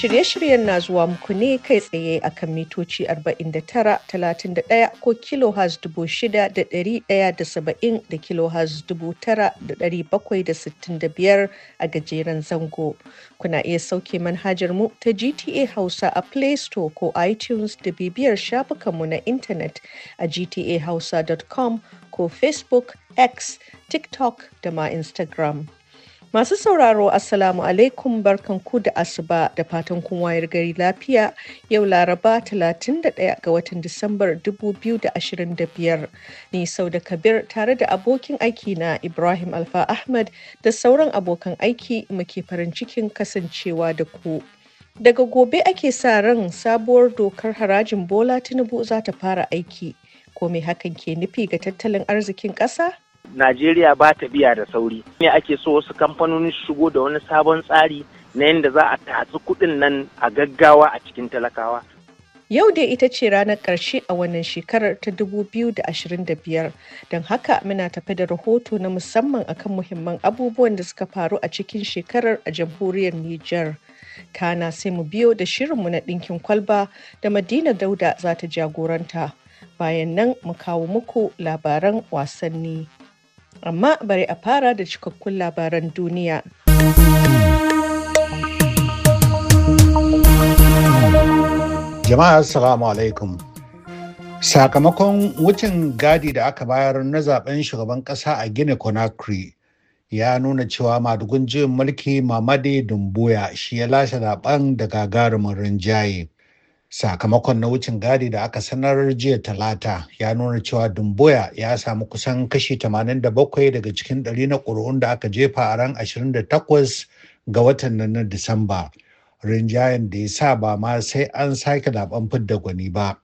Shirye-shiryen na zuwa muku ne kai tsaye a kan mitoci 49-31 ko kilohaz 6,170 da kilohaz 9,765 a gajeren zango. Kuna iya sauke manhajar mu ta GTA Hausa a Play Store ko iTunes da bibiyar shafukanmu na intanet a gtahausa.com ko Facebook, X, TikTok da ma Instagram. Masu sauraro Assalamu alaikum barkan ku da asuba da fatan kun wayar gari lafiya yau Laraba 31 ga watan Disambar 2025 ni sau da Kabir tare da abokin aiki na Ibrahim Alfa Ahmad da sauran abokan aiki muke farin cikin kasancewa da ku. Daga gobe ake sa ran sabuwar dokar harajin Bola Tinubu za ta fara aiki. Ko me hakan ke nufi ga tattalin arzikin ƙasa? Najeriya ba ta biya da sauri. Me ake so wasu kamfanoni shigo da wani sabon tsari na yadda za a tatsi kuɗin nan a gaggawa a cikin talakawa. Yau dai ita ce ranar ƙarshe a wannan shekarar ta 2025 don haka muna tafi da rahoto na musamman akan muhimman abubuwan da suka faru a cikin shekarar a jamhuriyar Nijar. Kana sai mu biyo da shirinmu na ɗinkin kwalba da Madina Dauda za ta jagoranta. Bayan nan mu kawo muku labaran wasanni. Amma bari a fara da cikakkun labaran duniya. Jama'a Assalamu alaikum. Sakamakon wucin gadi da aka bayar na zaben shugaban ƙasa a gine Conakry ya nuna cewa madugun juyin mulki Mamadi Dumbuya shi ya lashe zaben da gagarumin rinjaye. sakamakon na wucin gadi da aka sanar jiya talata ya nuna cewa dumboya ya samu kusan kashi 87 daga cikin ɗari na ƙuri'un da aka jefa a ran 28 ga watan nan na disamba rinjayen da ya sa ba ma sai an sake zaben fidda gwani ba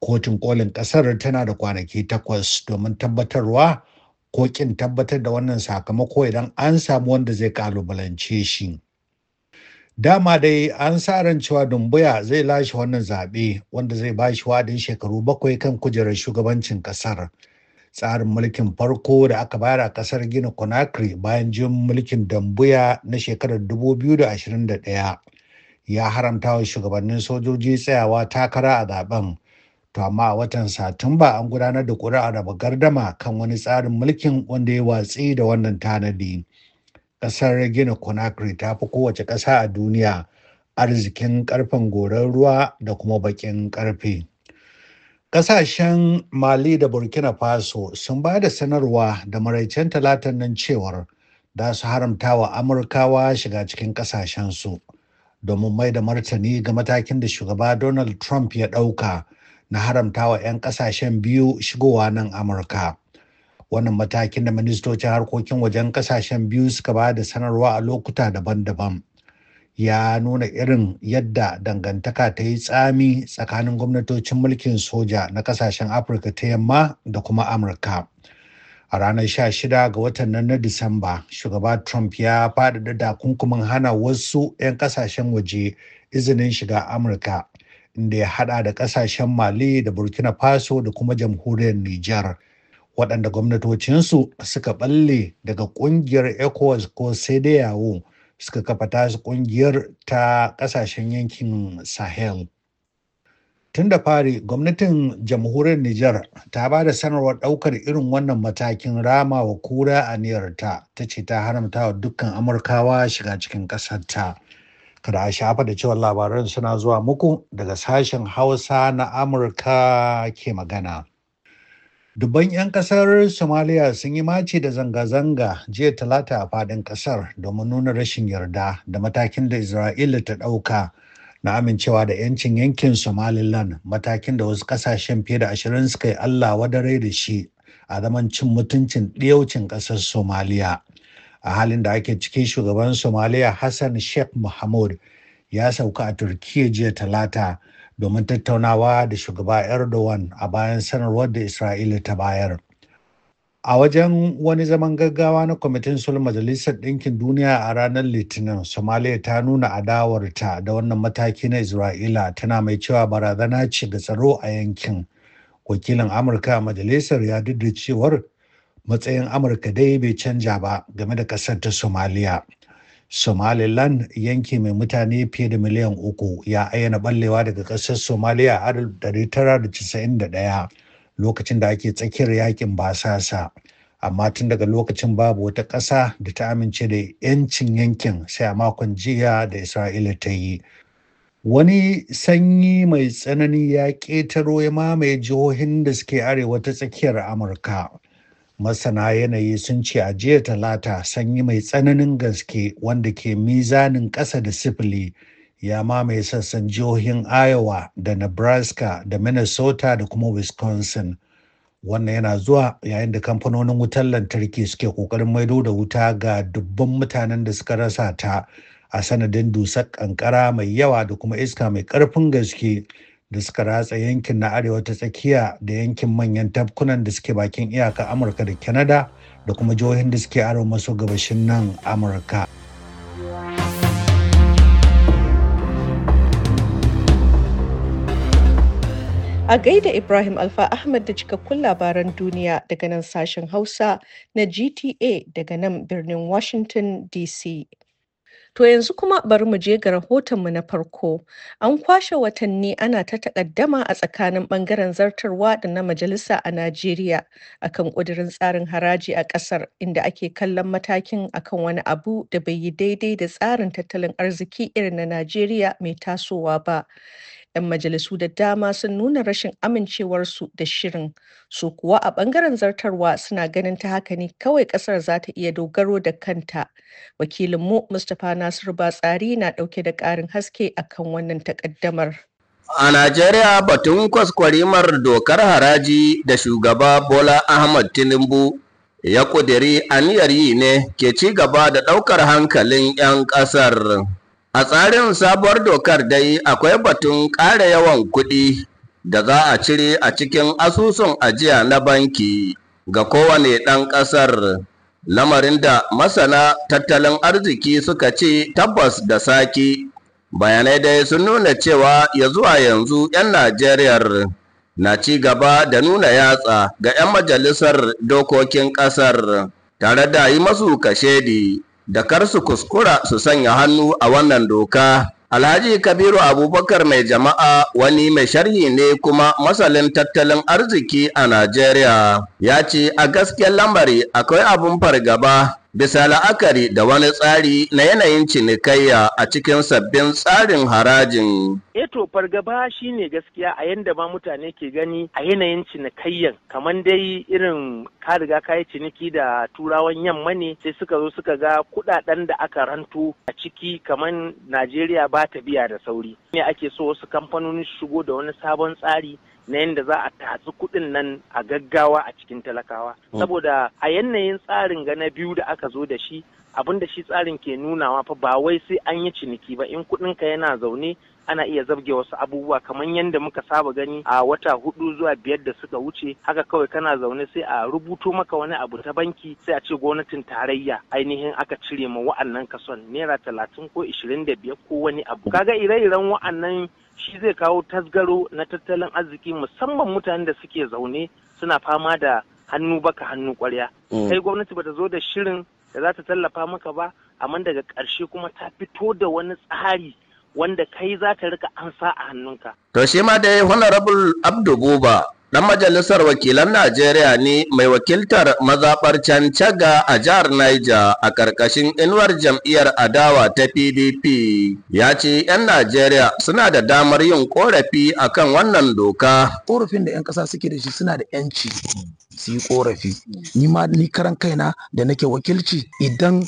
kotun kolin ƙasar tana da kwanaki takwas domin tabbatarwa ko ƙin tabbatar da wannan sakamako idan an samu wanda zai kalubalance shi Dama dai an sa ran cewa Dumbuya zai lashe wannan zaɓe wanda zai ba shi wadin shekaru bakwai kan kujerar shugabancin ƙasar. Tsarin mulkin farko da aka bayar a ƙasar Gina Conakry bayan jin mulkin Dambuya na shekarar 2021 ya haramta wa shugabannin sojoji tsayawa takara a zaben. To amma a watan Satumba an gudanar da ƙuri'a raba gardama kan wani tsarin mulkin wanda ya watsi da wannan tanadi. Ƙasar Gina Conakry ta fi kowace ƙasa a duniya arzikin ƙarfen goron ruwa da kuma baƙin ƙarfe. Ƙasashen Mali da Burkina Faso sun ba da sanarwa da maraicen talatan nan cewar da su haramta wa Amurkawa shiga cikin ƙasashensu domin mai da martani ga matakin da shugaba Donald Trump ya ɗauka na haramta wa 'yan ƙasashen biyu shigowa nan Amurka. wannan matakin da ministocin harkokin wajen kasashen biyu suka ba da sanarwa a lokuta daban-daban ya nuna irin yadda dangantaka ta yi tsami tsakanin gwamnatocin mulkin soja na kasashen afirka ta yamma da kuma amurka a ranar 16 ga watan nan na disamba shugaba trump ya faɗaɗa takunkumin hana wasu 'yan kasashen waje izinin shiga amurka inda ya hada da kasashen mali da burkina faso da kuma jamhuriyar niger waɗanda gwamnatocinsu suka ɓalle daga ƙungiyar ecowas ko yawo suka kafa tasu ƙungiyar ta ƙasashen yankin sahel tun da fari gwamnatin jamhuriyar Nijar ta ba da sanarwar ɗaukar irin wannan matakin rama wa kura a niyar ta ce ta haramta wa dukkan amurkawa shiga cikin ƙasarta kada a shafa da cewa labaran suna zuwa muku daga sashen hausa na amurka ke magana. Dubban 'yan kasar Somalia sun yi mace da zanga-zanga jiya talata a fadin kasar domin nuna rashin yarda da matakin da Isra'ila ta ɗauka na amincewa da 'yancin yankin Somaliland matakin da wasu ƙasashen fiye da ashirin suka yi Allah wadare da shi a zaman cin mutuncin ɗiyaucin ƙasar Somaliya. A halin da ake cikin shugaban Somaliya Hassan Sheikh Mohamud ya sauka a Turkiyya jiya talata. domin tattaunawa da shugaba Erdogan a bayan sanarwar da Isra'ila ta bayar. A wajen wani zaman gaggawa na kwamitin sulh majalisar ɗinkin duniya a ranar Litinin, Somalia ta nuna adawarta da wannan mataki na Isra'ila tana mai cewa barazana ce ga tsaro a yankin. Wakilin Amurka a majalisar ya duk cewar matsayin Amurka dai bai canja ba game da ƙasar ta Somalia. somaliland yanki mai mutane fiye da miliyan uku ya ayyana ballewa daga ƙasar Somalia a 1991 lokacin da ake tsakiyar yakin basasa amma tun daga lokacin babu wata ƙasa da ta amince da 'yancin yankin sai a makon jiya da isra'ila ta yi wani sanyi mai tsanani ya ƙetaro ya mamaye jihohin da suke arewa ta tsakiyar amurka masana yanayi sun ce a jiya talata sanyi mai tsananin gaske wanda ke mizanin ƙasa da sifili ya mamaye sassan jihohin iowa da nebraska da minnesota da kuma wisconsin wannan yana zuwa yayin da kamfanonin wutar lantarki suke ƙoƙarin maido da wuta ga dubban mutanen da suka rasa ta a sanadin dusar ƙanƙara mai yawa da kuma iska mai ƙarfin gaske da suka ratsa yankin na arewa ta tsakiya da yankin manyan tafkunan da suke bakin iyaka amurka da canada da kuma jihohin da suke arewa maso gabashin nan amurka a gaida ibrahim alfa ahmad da cikakkun labaran duniya daga nan sashen hausa na gta daga nan birnin washington dc To yanzu kuma bari mu je ga rahotonmu na farko. An kwashe watanni ana ta takaddama a tsakanin bangaren zartarwa da na majalisa a Najeriya akan ƙudirin tsarin haraji a ƙasar inda ake kallon matakin akan wani abu da bai yi daidai da tsarin tattalin arziki irin na Najeriya mai tasowa ba. 'yan majalisu da dama sun nuna rashin amincewarsu da shirin su kuwa a bangaren zartarwa suna ganin ta haka ne kawai kasar za ta iya dogaro da kanta wakilinmu mustapha nasiru batsari na dauke da karin haske akan wannan takaddamar a najeriya batun kwaskwarimar dokar haraji da shugaba bola ahmad tinubu ya kudiri aniyar yi ne ke ci gaba da daukar hankalin 'yan kasar A tsarin sabuwar dokar dai akwai batun ƙara yawan kuɗi da za a cire a cikin asusun ajiya na banki ga kowane ɗan ƙasar lamarin da masana tattalin arziki suka ce tabbas da saki bayanai dai sun nuna cewa ya zuwa yanzu 'yan Najeriyar na ci gaba da nuna yatsa ga 'yan majalisar dokokin ƙasar tare da yi masu kashedi. da kar su kuskura su sanya hannu a wannan doka. Alhaji Kabiru Abubakar mai jama'a wani mai sharhi ne kuma masalin tattalin arziki a Najeriya ya ce a gaskiyar lambari akwai abun fargaba bisa la'akari da wani tsari na yanayin cinikayya a cikin sabbin tsarin harajin. Eto eh fargaba shi ne gaskiya a yadda ma mutane ke gani a yanayin cinikayyan kamar dai irin ka riga ka yi ciniki da turawan yamma ne sai suka zo suka ga kudaden da aka ranto a ciki kamar Najeriya ba ta biya da sauri. ne ake so wasu kamfanoni shigo da wani sabon tsari na yadda za a tatsi kuɗin nan a gaggawa a cikin talakawa mm. saboda a yanayin tsarin ga na biyu da aka zo da shi abin da shi tsarin ke nunawa fa ba wai sai an yi ciniki ba in kuɗinka yana zaune ana iya zabge wasu abubuwa kamar yadda muka saba gani a wata hudu zuwa biyar da suka wuce haka kawai kana zaune sai a rubuto maka wani abu ta banki sai a ce gwamnatin tarayya ainihin aka cire ma wa'annan kason naira talatin ko ishirin da biyar ko wani abu kaga ire-iren wa'annan shi zai kawo tasgaro na tattalin arziki musamman mutanen da suke zaune suna fama da hannu baka hannu kwarya mm. kai gwamnati bata zo da shirin da za ta tallafa maka ba amma daga ƙarshe kuma ta fito da wani tsari wanda kai za ta rika ansa a hannunka. To shi ma dai Honorable Abdu Buba Ɗan majalisar wakilan Najeriya ne mai wakiltar mazaɓar caga a jihar Niger a ƙarƙashin inuwar jam'iyyar adawa ta PDP ya ce 'yan Najeriya suna da damar yin ƙorafi a kan wannan doka. Ƙorafin da 'yan ƙasa suke da shi suna da 'yanci su yi ƙorafi. Ni ma ni karan kaina da nake wakilci idan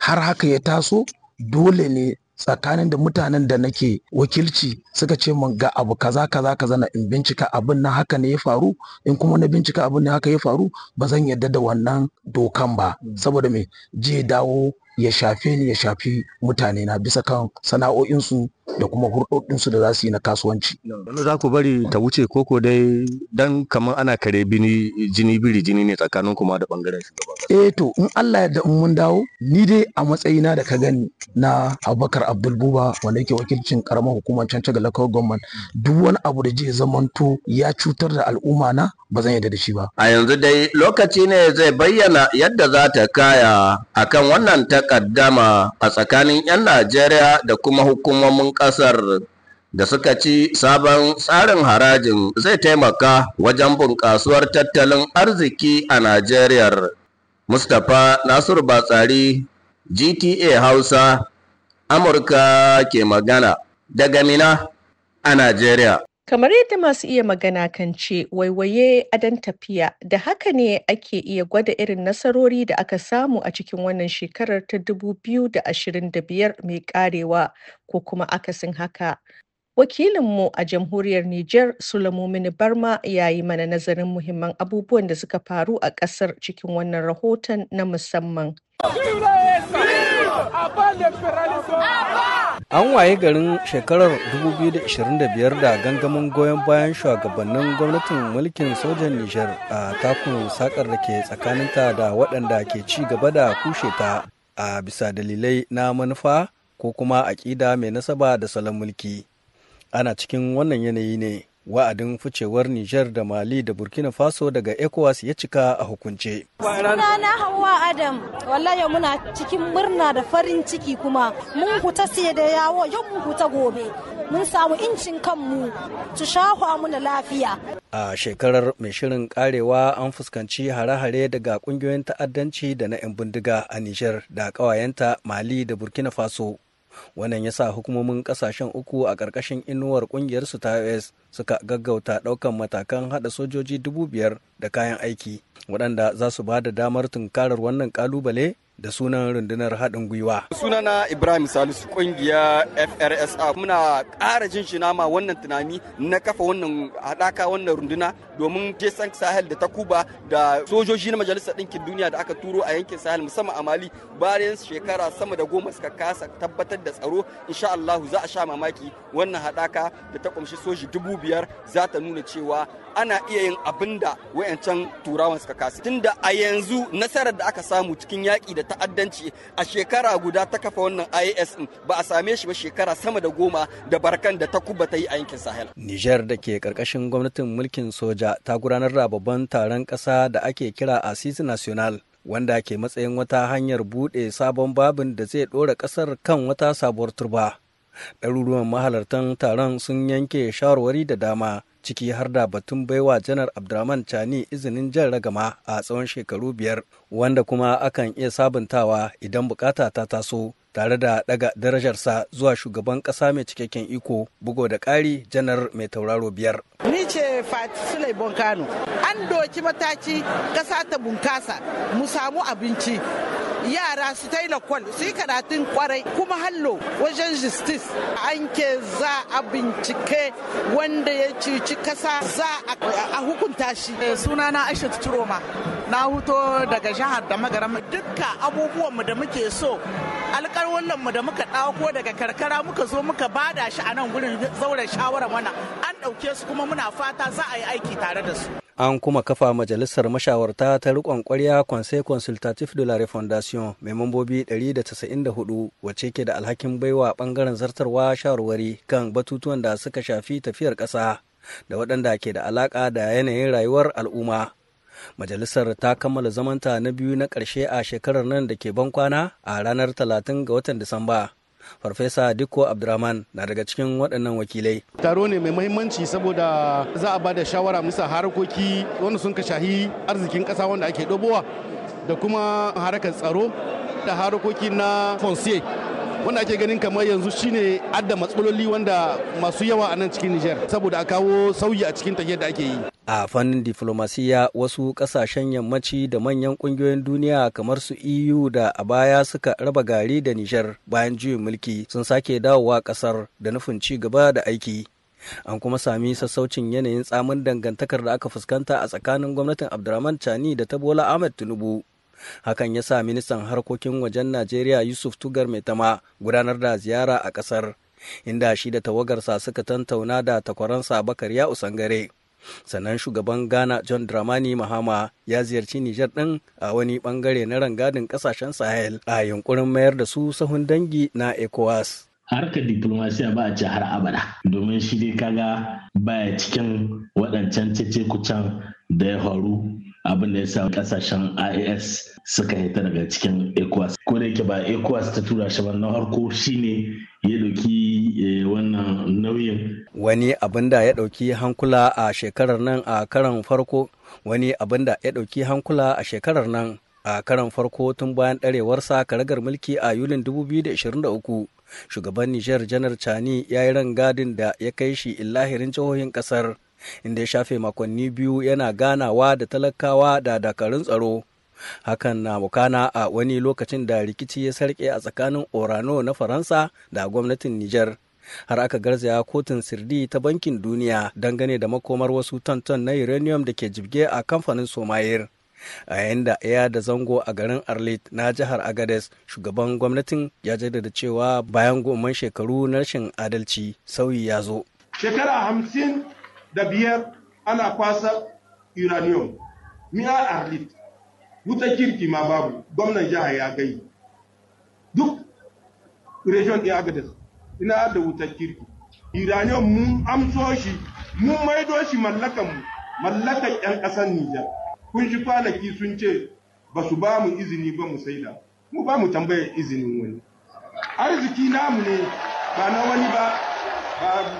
har haka ya taso dole ne tsakanin da mutanen da nake wakilci suka ce min ga abu kaza kaza kaza na in bincika abin na haka ne ya faru in kuma na bincika abin na haka ya faru ba zan yarda da wannan dokan ba mm. saboda me je dawo ya shafe ni ya shafi mutane na bisa kan sana'o'insu da kuma hurɗoɗinsu da za su yi na kasuwanci. Wani za ku bari ta wuce koko dai dan kamar ana kare bini jini biri jini ne tsakanin kuma da bangaren shugaban. Eh to in Allah ya in mun dawo ni dai a matsayina da ka gani na Abubakar Abdul Buba wanda yake wakilcin karamar hukumar Cancaga Local Government duk wani abu da zai zamanto ya cutar da al'umma na ba zan yarda da shi ba. A yanzu dai lokaci ne zai bayyana yadda za ta kaya akan wannan ta takaddama a tsakanin 'yan Najeriya da kuma hukumomin ƙasar da suka ci sabon tsarin harajin zai taimaka wajen bunƙasuwar tattalin arziki a Najeriya. Mustapha Nasiru Batsari, GTA Hausa, Amurka ke magana daga Mina a Najeriya. Kamar yadda masu iya magana kan ce, waiwaye dan tafiya, da haka ne ake iya gwada irin nasarori da aka samu a cikin wannan shekarar ta 2025 mai karewa ko kuma akasin haka. Wakilinmu a jamhuriyar niger sulamomin Barma ya yi mana nazarin muhimman abubuwan da suka faru a kasar cikin wannan rahoton na musamman. An waye garin shekarar 2025 da gangamin goyon bayan shugabannin gwamnatin mulkin sojan Nijar a takun sakar da ke tsakaninta da waɗanda ke ci gaba da kushe ta a bisa dalilai na manufa ko kuma aƙida mai nasaba da salon mulki. Ana cikin wannan yanayi ne wa'adin ficewar Nijar da Mali da Burkina Faso daga ECOWAS ya cika a hukunce. Sunana Hauwa Adam, wallahi muna cikin murna da farin ciki kuma mun huta sai da yawo yau mun huta gobe. Mun samu incin kanmu su shahwa muna lafiya. A shekarar mai shirin karewa an fuskanci hare-hare daga kungiyoyin ta'addanci da na 'yan bindiga a Nijar da ƙawayenta Mali da Burkina Faso. wannan ya sa hukumomin kasashen uku a ƙarƙashin inuwar ƙungiyarsu ta us suka gaggauta ɗaukan matakan haɗa sojoji dubu biyar da kayan aiki waɗanda za su ba da damar tunkarar wannan ƙalubale da sunan rundunar haɗin gwiwa. Sunana Ibrahim Salisu kungiya FRSA muna ƙara jin shi nama wannan tunani na kafa wannan haɗaka wannan runduna domin jesan Sahel da ta kuba da sojoji na Majalisar Ɗinkin Duniya da aka turo a yankin Sahel musamman a Mali bayan shekara sama da goma suka kasa tabbatar da tsaro insha Allahu za a sha mamaki wannan haɗaka da ta ƙunshi soji dubu biyar za ta nuna cewa ana iya yin abin da wayancan turawan suka kasa tunda a yanzu nasarar da aka samu cikin yaƙi da ta'addanci a shekara guda ta kafa wannan IAS ba a same shi ba shekara sama da goma da barkan da ta kuba ta yi a yankin Sahel. Nijar da ke karkashin gwamnatin mulkin soja ta gudanar da babban taron ƙasa da ake kira Asisi National wanda ke matsayin wata hanyar buɗe sabon babin da zai ɗora ƙasar kan wata sabuwar turba. Ɗaruruwan mahalartan taron sun yanke shawarwari da dama ciki har da batun baiwa janar abdurrahman chani izinin jan ragama a tsawon shekaru biyar wanda kuma akan iya sabuntawa idan bukata ta taso tare da daga darajarsa zuwa shugaban kasa mai cikakken iko bugo da ƙari janar mai tauraro biyar. Ni ce Fati sulai Kano. An doki mataki ƙasa ta bunkasa mu samu abinci yara su ta yi lakwal su yi karatun kwarai kuma hallo wajen justice an ke za a bincike wanda ya cici kasa za a hukunta shi eh, Suna na aisha turoma na huto daga jihar da magaram abubuwan abubuwanmu da muke so mu da muka ɗauko daga karkara muka zo muka bada shi a nan gurin zauren shawarar mana an ɗauke su kuma muna fata za a yi aiki tare da su an kuma kafa majalisar mashawarta ta riƙon ƙwarya conseil consultatif de la refondation mai mambobi 194 wacce ke da alhakin baiwa ɓangaren zartarwa shawarwari kan batutuwan da suka shafi tafiyar ƙasa da waɗanda ke da alaƙa da yanayin rayuwar al'umma majalisar ta kammala zamanta na biyu na ƙarshe a shekarar nan da ke ban kwana a ranar 30 ga watan disamba farfesa dikko abdurrahman na daga cikin waɗannan wakilai taro ne mai mahimmanci saboda za a ba da shawara musa harkoki wanda sun ka shahi arzikin ƙasa wanda ake ɗobowa da kuma harkar tsaro da harkoki na fonsier wanda ake ganin kamar yanzu shine adda matsaloli wanda masu yawa a nan cikin Nijar saboda a kawo sauyi a cikin tafiyar da ake yi. A fannin diflomasiya wasu ƙasashen yammaci da manyan ƙungiyoyin duniya kamar su EU da a baya suka raba gari da Nijar bayan juyin mulki sun sake dawowa ƙasar da nufin ci gaba da aiki. an kuma sami sassaucin yanayin tsamin dangantakar da aka fuskanta a tsakanin gwamnatin abdurrahman chani da ta bola ahmed tinubu hakan ya sa ministan harkokin wajen najeriya yusuf tugar mai tama gudanar da ziyara a ƙasar inda shi da tawagarsa suka tantauna da takwaransa bakar ya usangare sannan shugaban ghana john dramani mahama ya ziyarci nijar ɗin a wani ɓangare na rangadin ƙasashen sahel a yunkurin mayar da su sahun dangi na ecowas harkar diplomasiya ba a ci har abada domin shi dai kaga baya cikin waɗancan cece kucan da ya faru abin da ya sa kasashen IAS suka hita daga cikin ECOWAS. Ko da yake ba ECOWAS ta tura shi ba na harko shine ya ɗauki eh, wannan nauyin. Wani abin da ya ɗauki hankula a shekarar nan a karan farko wani abin da ya dauki hankula a shekarar nan a karan farko tun bayan ɗarewarsa karagar mulki a yulin 2023 shugaban nijar janar Chani ya yi rangadin da ya kai shi illahirin jihohin ƙasar inda ya shafe makonni biyu yana ganawa da talakawa da dakarun tsaro hakan na mukana a wani lokacin da rikici ya sarke a tsakanin orano na faransa da gwamnatin niger har aka garzaya kotun sirdi ta bankin duniya dangane da makomar wasu tantan na uranium da ke jibge a kamfanin somayir a yayin da ya da zango a garin arlit na jihar agades shugaban gwamnatin ya jaddada cewa bayan goman shekaru na rashin adalci sauyi ya zo shekara hamsin da biyar ana kwasa uranium miya arlit wuta kirki ma babu gwamnan jihar ya gai duk region ya gada ina da wutar kirki uranium mun amso shi mun maido shi mallakan mallakan 'yan kasar nijar kun shi kwanaki sun ce ba su ba mu izini ba mu saida mu ba mu tambayar izinin wani arziki namu ne ba na wani ba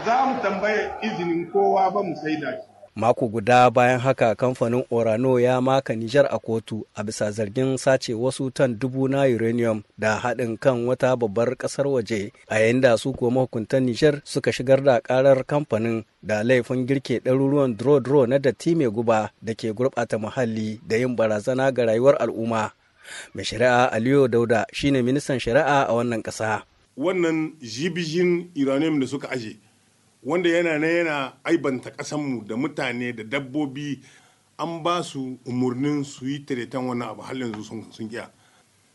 za mu tambaya izinin kowa ba mu saida shi mako guda bayan haka kamfanin orano ya maka nijar a kotu a bisa zargin sace wasu tan dubu na uranium da haɗin kan wata babbar ƙasar waje a yayin da su kuwa mahukuntan nijar suka shigar da ƙarar kamfanin da laifin girke ɗaruruwan dro-dro na datti mai guba da ke gurɓata muhalli da yin barazana ga rayuwar al'umma mai shari'a aliyu dauda shine ministan shari'a a wannan ƙasa wannan jibijin uranium da suka aje wanda yana na yana aibanta kasanmu da mutane da dabbobi an ba su umarnin su yi tiretan wannan abu har yanzu sun kiya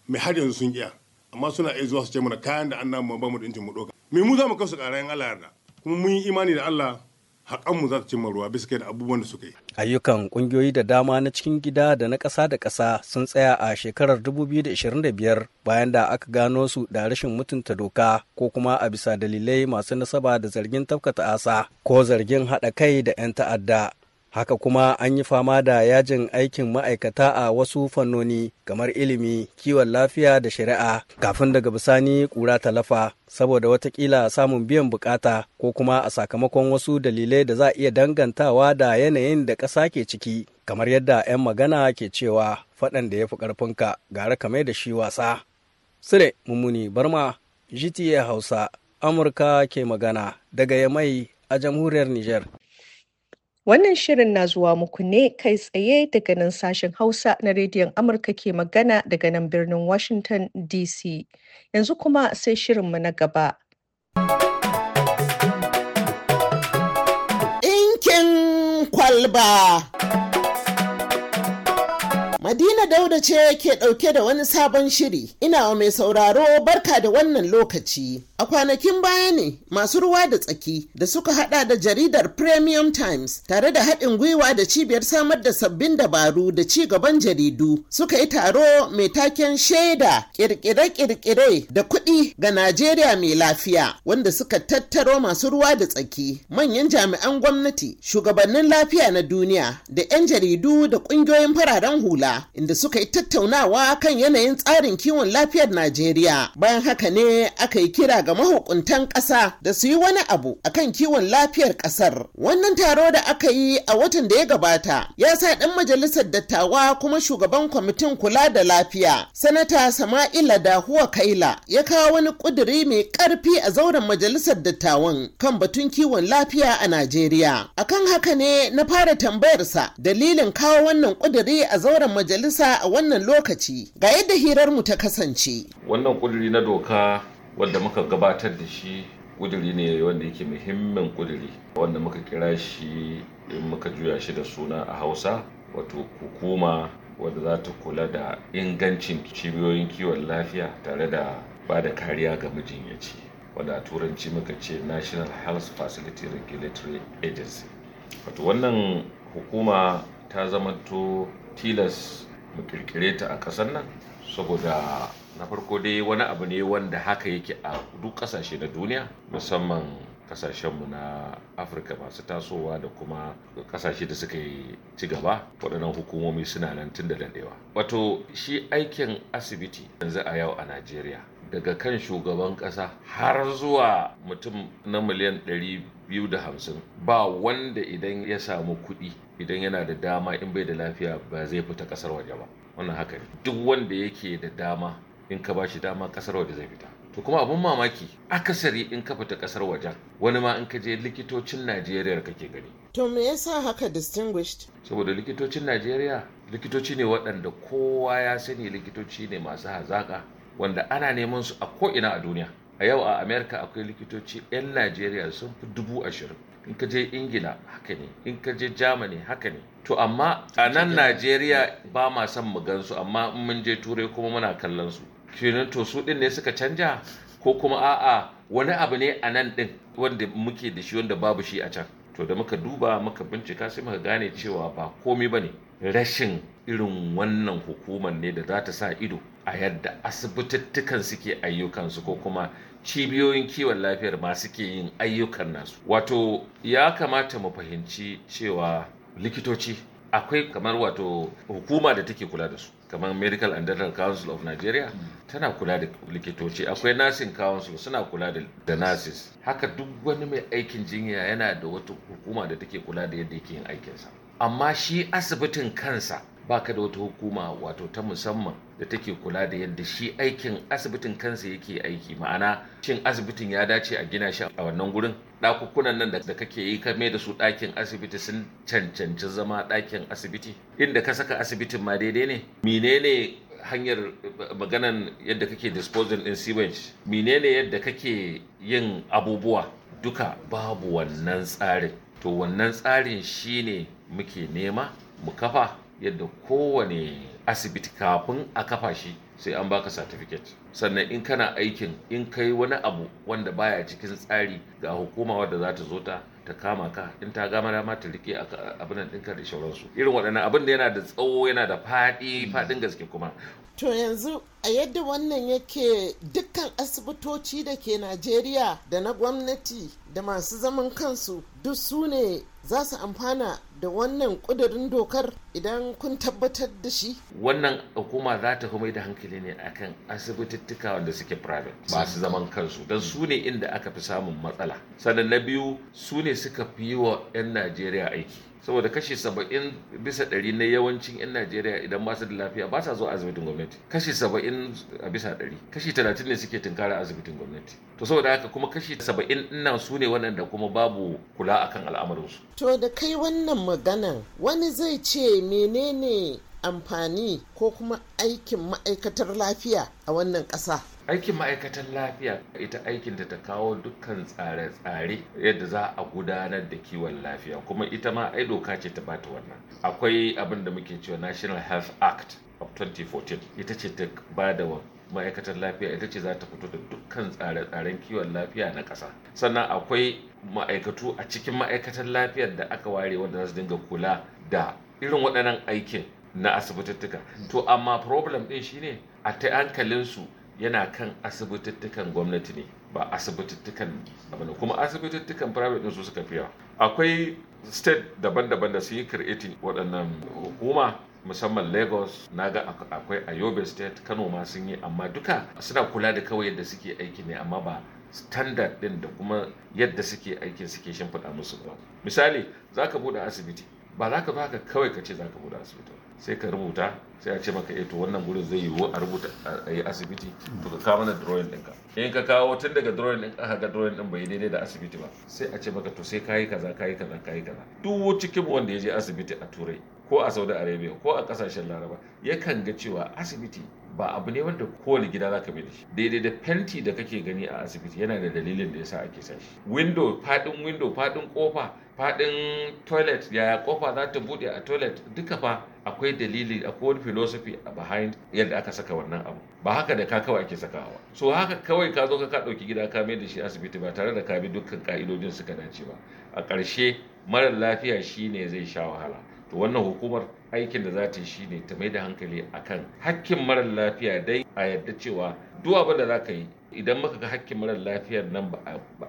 mai har yanzu sun kiya amma suna iya zuwa su ce mana kayan da an namu ba mu da mu doka me mu za mu kasu ƙarayen Allah kuma mun yi imani da Allah haƙanmu za ta cimma ruwa bisa kai da abubuwan da suka yi. Ayyukan ƙungiyoyi da dama na cikin gida da na ƙasa da ƙasa sun tsaya a shekarar 2025 bayan da aka gano su da rashin mutunta doka ko kuma a bisa dalilai masu nasaba da zargin tafkata asa ko zargin haɗa kai da 'yan ta'adda. Haka kuma an yi fama da yajin aikin ma'aikata a wasu fannoni kamar ilimi, kiwon lafiya da shari'a kafin daga bisani ƙura talafa saboda watakila samun biyan bukata ko kuma a sakamakon wasu dalilai da za a iya dangantawa da yanayin da ƙasa ke ciki kamar yadda 'yan magana ke cewa faɗan da ya fi ƙarfinka gara kame da shi wasa. Sire Mummuni Barma, GTA Hausa, Amurka ke magana daga Yamai a jamhuriyar Nijar. Wannan shirin na zuwa muku ne kai tsaye daga nan sashen Hausa na rediyon Amurka ke magana daga nan birnin Washington DC. Yanzu kuma sai shirin mu na gaba. inkin kwalba. Madina Dauda ce ke ɗauke da wani sabon shiri. Ina wa mai sauraro barka da wannan lokaci. A kwanakin baya ne masu ruwa da tsaki da suka hada da jaridar Premium Times tare da haɗin gwiwa da cibiyar samar da sabbin dabaru da ci gaban jaridu suka yi taro mai taken shaida kirkire-kirkire da kuɗi ga Najeriya mai lafiya wanda suka tattaro masu ruwa da tsaki manyan jami'an gwamnati shugabannin lafiya na duniya da 'yan jaridu da ƙungiyoyin fararen hula. inda suka yi tattaunawa kan yanayin tsarin kiwon lafiyar Najeriya. Bayan haka ne aka yi kira ga mahukuntan ƙasa da su yi wani abu akan kiwon lafiyar ƙasar. Wannan taro da aka yi a watan da ya gabata ya sa ɗan majalisar dattawa kuma shugaban kwamitin kula da lafiya sanata Sama'ila Dahuwa Kaila ya kawo wani ƙuduri mai ƙarfi a zauren majalisar dattawan kan batun kiwon lafiya a Najeriya. Akan haka ne na fara tambayarsa dalilin kawo wannan ƙuduri a zauren majalisa a wannan lokaci ga yadda hirar mu ta kasance wannan kuduri na doka wanda muka gabatar da shi kuduri ne wanda yake muhimmin kuduri wanda muka kira shi in muka juya shi da suna a hausa wato hukuma wadda za ta kula da ingancin cibiyoyin kiwon lafiya tare da ba da kariya ga mijinyaci wadda turanci muka ce national health facility regulatory agency wato wannan hukuma ta zamanto tilas mu kirkire ta a ƙasar nan saboda na farko dai wani abu ne wanda haka yake a duk ƙasashe na duniya musamman kasashenmu na afirka masu tasowa da kuma kasashe da suka yi ci gaba waɗannan hukumomi suna nan tun da daɗewa wato shi aikin asibiti yanzu a yau a najeriya daga kan shugaban ƙasa har zuwa mutum na miliyan 250 ba wanda idan ya samu kuɗi idan yana da dama in bai da lafiya ba zai fita ƙasar waje ba wannan haka ne duk wanda yake da dama in ka ba shi dama ƙasar waje zai fita to kuma abun mamaki akasari in ka fita kasar wajen wani ma in ka je likitocin najeriya kake gani to me yasa haka distinguished saboda likitocin najeriya likitoci ne waɗanda kowa ya sani likitoci ne masu hazaƙa wanda ana neman su a ko'ina a duniya a yau a america akwai likitoci 'yan najeriya sun fi dubu ashirin in ka je ingila haka ne in ka je germany haka ne to amma a nan najeriya ba ma son mu gansu amma in mun je turai kuma muna kallon su kenan to su din ne suka canja ko kuma a'a wani abu ne a nan din wanda muke da shi wanda babu shi a can to da muka duba muka bincika sai muka gane cewa ba komai bane rashin irin wannan hukumar ne da za ta sa ido a yadda asibitittukan suke ayyukansu ko kuma cibiyoyin kiwon lafiyar ma suke yin ayyukan nasu wato ya kamata mu fahimci cewa likitoci akwai kamar wato hukuma da take kula da su kamar medical and dental council of nigeria tana kula da likitoci akwai nursing council suna kula da nurses haka duk wani mai aikin jinya yana da wata hukuma da take kula da yadda yake yin aikinsa amma shi asibitin kansa baka da wata hukuma wato ta musamman da take kula da yadda shi aikin asibitin kansa yake aiki ma'ana shin asibitin ya dace a gina shi a wannan gurin ɗakukunan nan da kake yi ka mai da su ɗakin asibiti sun cancanci zama ɗakin asibiti inda ka saka asibitin ma daidai ne menene hanyar eh, maganan yadda kake disposal in sewage menene yadda kake yin abubuwa duka babu wannan tsarin to wannan tsarin shine muke nema mu kafa yadda kowane asibiti kafin a kafa shi sai an baka certificate sannan in kana aikin in kai wani abu wanda baya cikin tsari ga hukuma wadda za ta zo ta ta kama ka in ta gama dama ta rike abin ɗinka da shauransu irin waɗannan abin da yana da tsawo yana da faɗi faɗin gaske kuma To yanzu a yadda wannan yake dukkan asibitoci da ke Najeriya da na gwamnati da masu zaman kansu duk su ne za su amfana da wannan kudurin dokar idan kun tabbatar da shi. Wannan hukuma za ta kuma da hankali ne akan asibitittuka wanda suke private masu zaman kansu don su ne inda aka fi samun matsala. Sannan na biyu su ne suka fi yi wa 'yan Najeriya aiki. saboda kashi saba'in bisa ɗari na yawancin 'yan najeriya idan ba su da lafiya ba sa zuwa asibitin gwamnati kashi saba'in a bisa ɗari kashi talatin ne suke tunkara asibitin gwamnati to saboda haka kuma kashi saba'in ina su ne waɗanda kuma babu kula akan al'amarinsu to da kai wannan maganan wani zai ce menene amfani ko kuma aikin ma'aikatar lafiya a wannan ƙasa aikin ma'aikatan lafiya ita aikin ta kawo dukkan tsare-tsare yadda za a gudanar da kiwon lafiya kuma ita ma ai doka ce ta bata wannan akwai abin da muke cewa national health act of 2014 ita ce ta ba da ma'aikatan lafiya ita ce za ta fito da dukkan tsare-tsaren kiwon lafiya na ƙasa sannan akwai ma'aikatu a cikin ma'aikatan lafiyar da aka ware wanda za su dinga kula da irin waɗannan aikin na asibitittuka to amma problem ɗin shine a ta hankalinsu yana kan asibitittukan gwamnati ne ba asibitittukan abin kuma asibitittukan private din su suka fi akwai state daban-daban da su yi creating waɗannan hukuma musamman lagos naga akwai a state kano ma sun yi amma duka suna kula da kawai yadda suke aiki ne amma ba standard din da kuma yadda suke aikin suke shimfiɗa musu ba misali za ka buɗe asibiti ba za ka ba haka kawai ka ce za ka buɗe asibiti sai ka rubuta sai a ce maka eto eh, wannan gurin zai yiwu a rubuta a yi asibiti to ka kawo mana drawing ɗinka in ka kawo tun daga drawing ɗin aka ga drawing ɗin bai daidai da asibiti ba sai a ce maka to sai kayi kaza kayi kaza kayi kaza duk cikin wanda ya je asibiti a turai ko a saudi arabia ko a kasashen laraba yakan ga cewa asibiti ba abu ne wanda kowane gida za ka bi da shi daidai da fenti da kake gani a asibiti yana da dalilin da yasa ake sa shi window fadin window fadin kofa fadin toilet yaya kofa za ta bude a toilet duka fa akwai dalili akwai wani philosophy a behind yadda aka saka wannan abu ba haka da ka kawai ake sakawa so haka kawai ka zo ka dauki gida ka mai da shi asibiti ba tare da ka bi dukkan ka'idodin suka dace ba a ƙarshe marar lafiya shi ne zai sha wahala to wannan hukumar aikin da za ta yi shine ta mai da hankali a kan hakkin marar lafiya dai a yadda cewa duwa da za ka yi idan muka ga hakkin marar lafiyar nan ba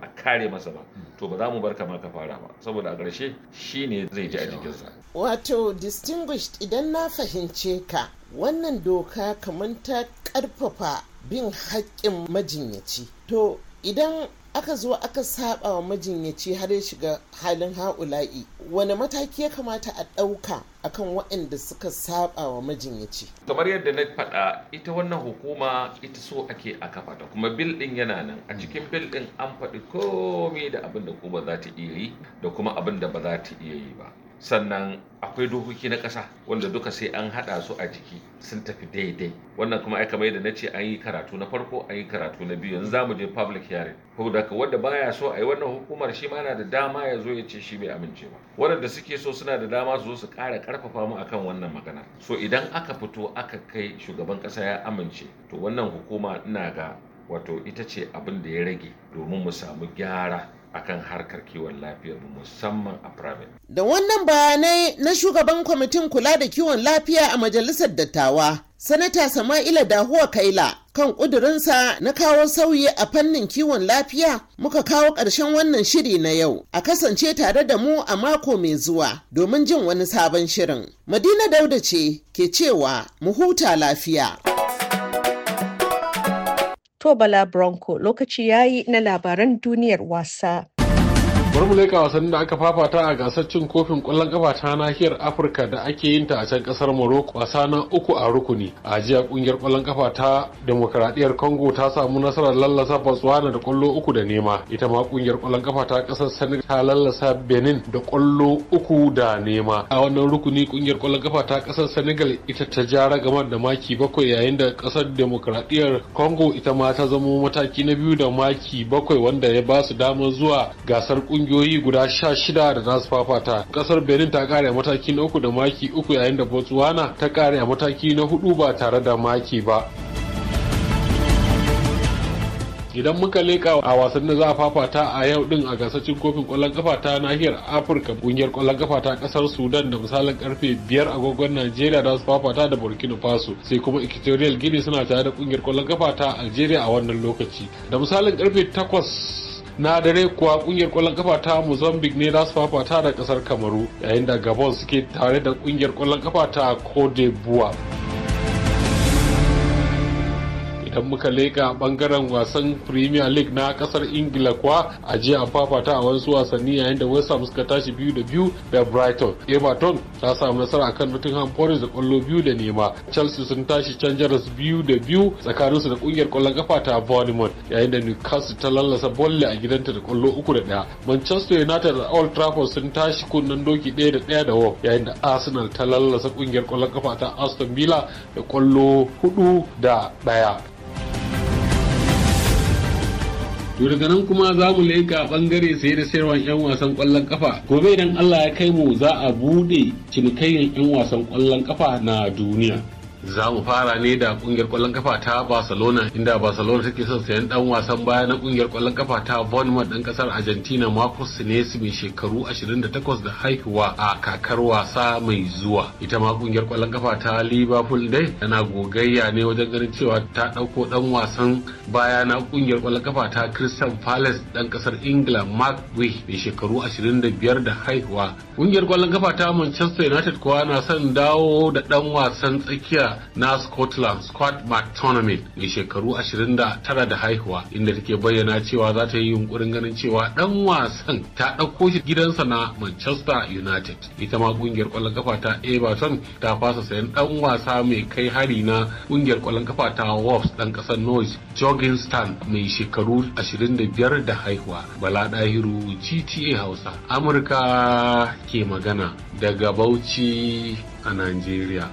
a kare masa ba hmm. to ba za mu bar kama ka fara ba saboda a ƙarshe shi ne zai ji a jikinsa. wato distinguished idan na fahimce ka wannan doka kamar ta ƙarfafa bin hakkin majinyaci to idan aka zo aka saba wa majinyaci har ya shiga halin ha'ula'i wani mataki ya kamata a ɗauka akan waɗanda suka saba wa majinyaci kamar yadda na faɗa ita wannan hukuma ita so ake a kafa ta kuma bilɗin yana nan a cikin bilɗin an faɗi komai da abin da kuma za ta iya yi da kuma abin da ba za ta iya yi ba sannan akwai dokoki na ƙasa wanda duka sai an haɗa su a jiki sun tafi daidai wannan kuma ai kamar yadda na ce an yi karatu na farko an yi karatu na biyu yanzu zamu je public hearing ko da ka wanda baya so a yi wannan hukumar shi ma yana da dama ya zo ya ce shi bai amince ba waɗanda suke so suna da dama su zo su ƙara ƙarfafa mu akan wannan magana so idan aka fito aka kai shugaban ƙasa ya amince to wannan hukuma ina ga wato ita ce abin da ya rage domin mu samu gyara akan harkar kiwon lafiyar musamman a private. Da wannan bayanai na shugaban kwamitin kula da kiwon lafiya a majalisar dattawa, Sanata Sama'ila Dahuwa Kaila kan ƙudurinsa na kawo sauyi a fannin kiwon lafiya muka kawo ƙarshen wannan shiri na yau a kasance tare da mu a mako mai zuwa domin jin wani sabon shirin. Madina Dauda ce ke cewa mu huta lafiya. Bala Bronco lokaci ya yi na labaran duniyar wasa. bar mu wasannin da aka fafata a gasar cin kofin kwallon kafa ta nahiyar afirka da ake yin ta a can kasar morocco wasa na uku a rukuni a jiya kungiyar kwallon kafa ta demokaradiyyar congo ta samu nasarar lallasa botswana da kwallo uku da nema ita ma kungiyar kwallon kafa ta kasar senegal ta lallasa benin da kwallo uku da nema a wannan rukuni kungiyar kwallon kafa ta kasar senegal ita ta ja ragamar da maki bakwai yayin da kasar demokaradiyyar congo ita ma ta zamo mataki na biyu da maki bakwai wanda ya ba su damar zuwa gasar kungiyar kungiyoyi guda sha shida da za su fafata kasar benin ta kare mataki na uku da maki uku yayin da botswana ta kare mataki na hudu ba tare da maki ba idan muka leka a wasannin da za a fafata a yau din a gasashen kofin kwallon kafa ta nahiyar afirka kungiyar kwallon kafa ta kasar sudan da misalin karfe 5 agogon najeriya da su fafata da burkina faso sai kuma equatorial guinea suna tare da kungiyar kwallon kafa ta algeria a wannan lokaci da misalin karfe 8 na dare kuwa kungiyar kwallon kafa ta mozambique ne za su fafata da kasar kamaru yayin da gabon suke tare da kungiyar kwallon kafa ta cote d'ivoire idan muka leka bangaren wasan premier league na kasar ingila kuwa a jiya an fafata a wasu wasanni yayin da west ham suka tashi biyu da biyu da brighton everton ta samu nasara akan nottingham forest da kwallo biyu da nema chelsea sun tashi can biyu da biyu tsakaninsu da kungiyar kwallon kafa ta bournemouth yayin da newcastle ta lallasa bolle a gidanta da kwallo uku da daya manchester united da old trafford sun tashi kunnen doki daya da daya da wolf yayin da arsenal ta lallasa kungiyar kwallon kafa ta aston villa da kwallo hudu da daya To daga nan kuma za mu leka bangare sai da sayarwar 'yan wasan kwallon kafa. Gobe idan Allah ya kai mu za a buɗe cinikayyar 'yan wasan kwallon kafa na duniya. za mu fara ne da kungiyar kwallon kafa ta barcelona inda barcelona take son sayan dan wasan baya na kungiyar kwallon kafa ta bournemouth dan kasar argentina marcus sinesi mai shekaru 28 da haihuwa a kakar wasa mai zuwa ita ma kungiyar kwallon kafa ta liverpool dai tana gogayya ne wajen ganin cewa ta dauko dan wasan baya na kungiyar kwallon kafa ta crystal palace dan kasar ingila mark wih mai shekaru 25 da haihuwa kungiyar kwallon kafa ta manchester united kuwa na son dawo da dan wasan tsakiya na Scotland Scott McTominay mai shekaru 29 da haihuwa inda take bayyana cewa za ta yi yunkurin ganin cewa dan wasan ta ɗauko shi gidansa na Manchester United. Ita ma kungiyar ƙwallon kafa ta Everton ta fasa sayan dan wasa mai kai hari na kungiyar ƙwallon kafa ta Wolves dan ƙasar Norwich Jorgensen mai shekaru 25 da haihuwa. Bala Dahiru GTA Hausa Amurka ke magana daga Bauchi a Najeriya.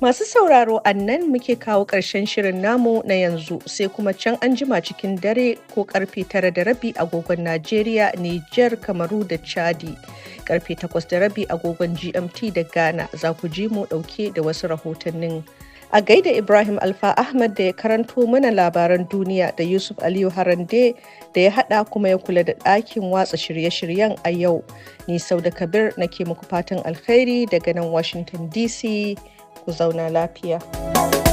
Masu sauraro a nan muke kawo ƙarshen shirin namu na yanzu sai kuma can an jima cikin dare ko karfe tara da rabi agogon Najeriya, Nijar, Kamaru da Chadi. Karfe takwas da rabi agogon GMT da Ghana za ku ji mu ɗauke da wasu rahotannin. A gaida Ibrahim Alfa Ahmad da ya karanto mana labaran duniya da Yusuf Aliyu Harande da ya haɗa kuma ya kula da ɗakin watsa shirye-shiryen a yau. Ni da Kabir nake muku fatan alkhairi daga nan Washington DC. ku zauna lafiya.